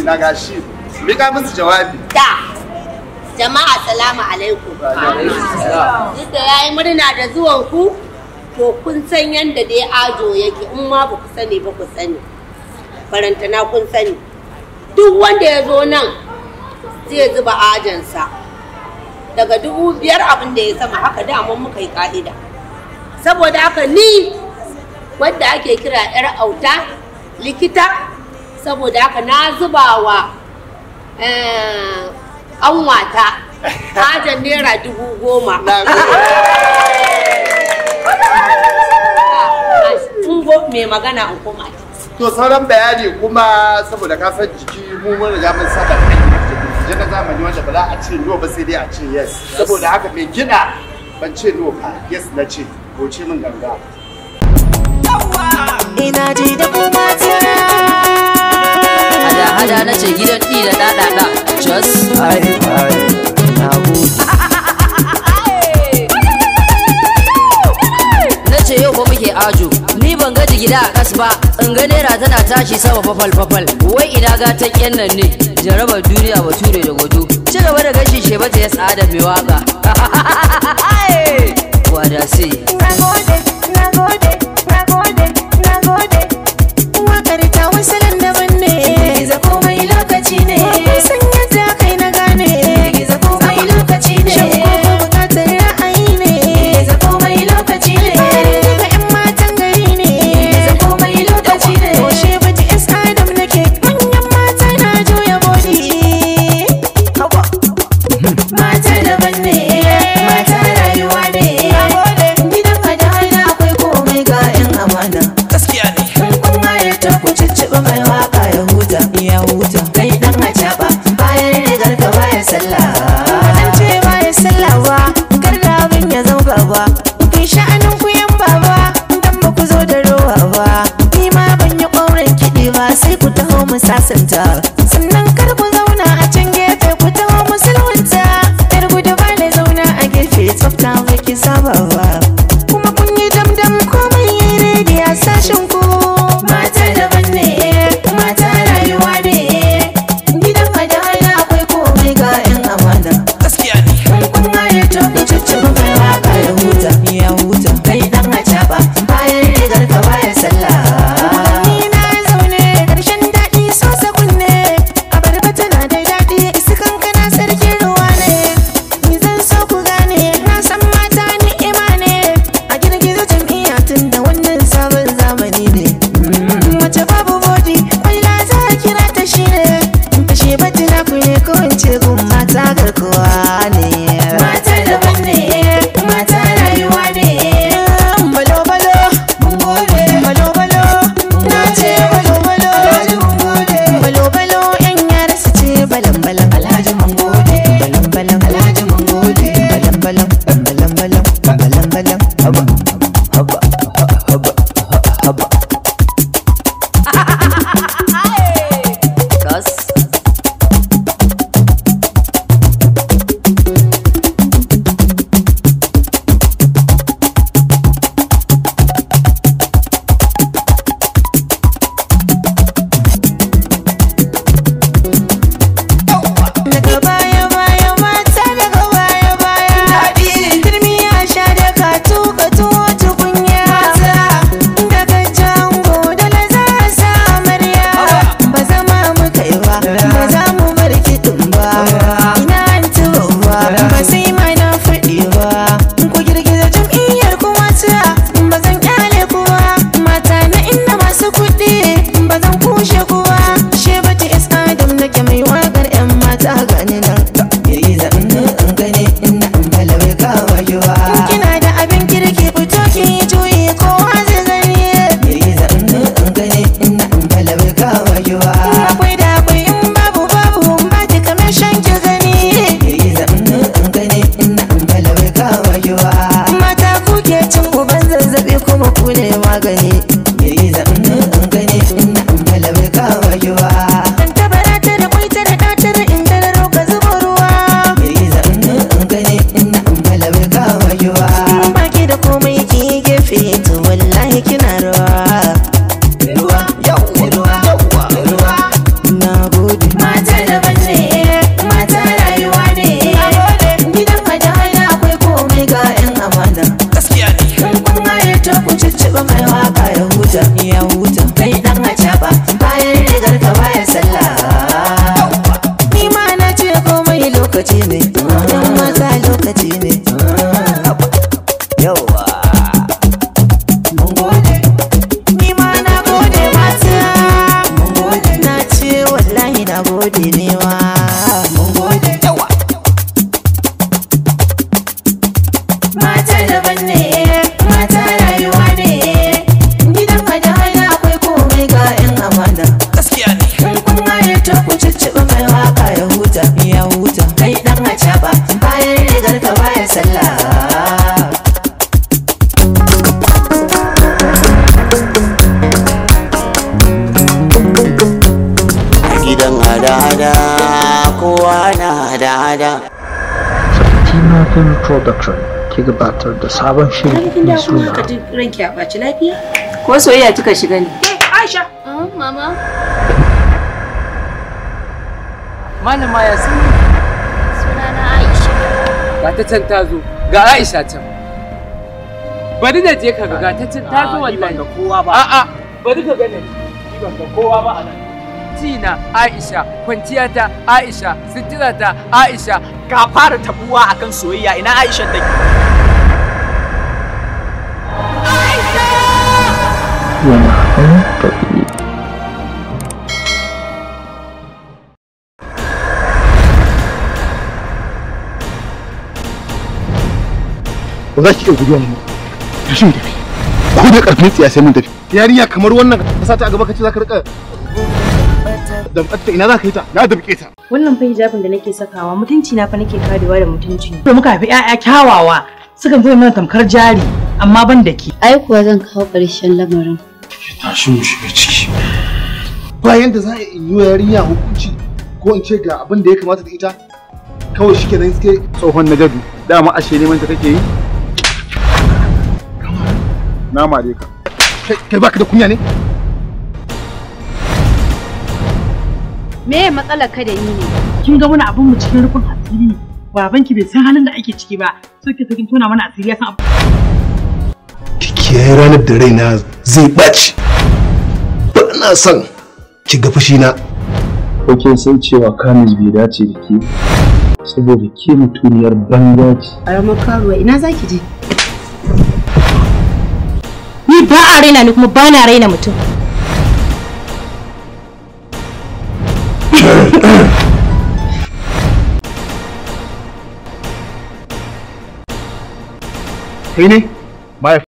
na gashi ka musu jawabi da jama'a salamu alaikum duk da yayi murna da zuwan ku to kun san yanda dai ajo yake in ma ba ku sani ba ku sani barantana kun sani duk wanda ya zo nan zai zuba ajansa daga dubu biyar abin da ya sama haka da muka yi ka'ida saboda haka ni wadda ake kira 'yar auta likita saboda haka na zuba wa eh, an wata hajjar naira dubu goma ah, mai magana an koma to sauran bayani kuma saboda kasar jiki mu mun riga mun saba je na zamani wanda ba za a ce no ba sai dai a ce yes saboda haka mai gina ban ce no ba yes na ce ko ce min ganga ina ji da kuma hada-hada na ce gidan ɗi da ɗaɗaɗa just ai ai na na ce yau ba muke ajo ni ban gaji gida a kas ba in ga naira tana tashi sama fafal-fafal wai ina gatan yan nan ne jarabar duniya ba ture da gwado ci gaba da gashi shebata ya tsada mai waka what I sai. bayan sallah an ce bayan sallah ba kar da abin ya zama gaba kun sha'anin ku yan baba dan ba ku zo da rawa ba ni ma ban yi ƙauren kiɗi ba sai ku taho mu sasanta 嫁给你。production ki gabatar da sabon shiri mai suna ka ji ranki a baci lafiya ko soyayya kika shiga ne aisha oh, mama malama ya sun na aisha ga ta can ta zo ga aisha can bari na je ka ga ta can ta zo wallahi ba kowa ba a'a bari ka gane ban ga kowa ba a nan jina Aisha kwanciyata Aisha sitirata Aisha ka fara tabuwa akan soyayya ina Aisha take Aisha ba za ki iya guduwa mu tashi mu tafi ko da karfin siyasa mun tafi yarinya kamar wannan ka sa ta a gaba ka ce za ka rika damƙatta ina za ka yi ta na damƙe ta wannan fa hijabin da nake sakawa mutunci na fa nake karewa da mutunci da muka fi ƴaƴa kyawawa sukan zo mana tamkar jari amma ban da ke ai kuwa zan kawo ƙarshen lamarin tashi mu shiga ciki bayan da za a yi yarinya hukunci ko in ce ga abin da ya kamata da ita kawai shi kenan suke tsohon na gado dama ashe neman ta kake yi nama dai ka kai baka da kunya ne me matsalar ka da ni ne kin ga wani abun mu cikin rukun asiri baban ki bai san halin da ake ciki ba so ki tona mana asiri ya san abu ki kiyaye ranar da raina zai baci ba na san ki ga fushi na ko kin san cewa kamis bai dace da ke saboda ke mutuniyar banza ce a ramar karuwa ina zaki je ni ba a raina ni kuma ba na raina mutum Vini, vai.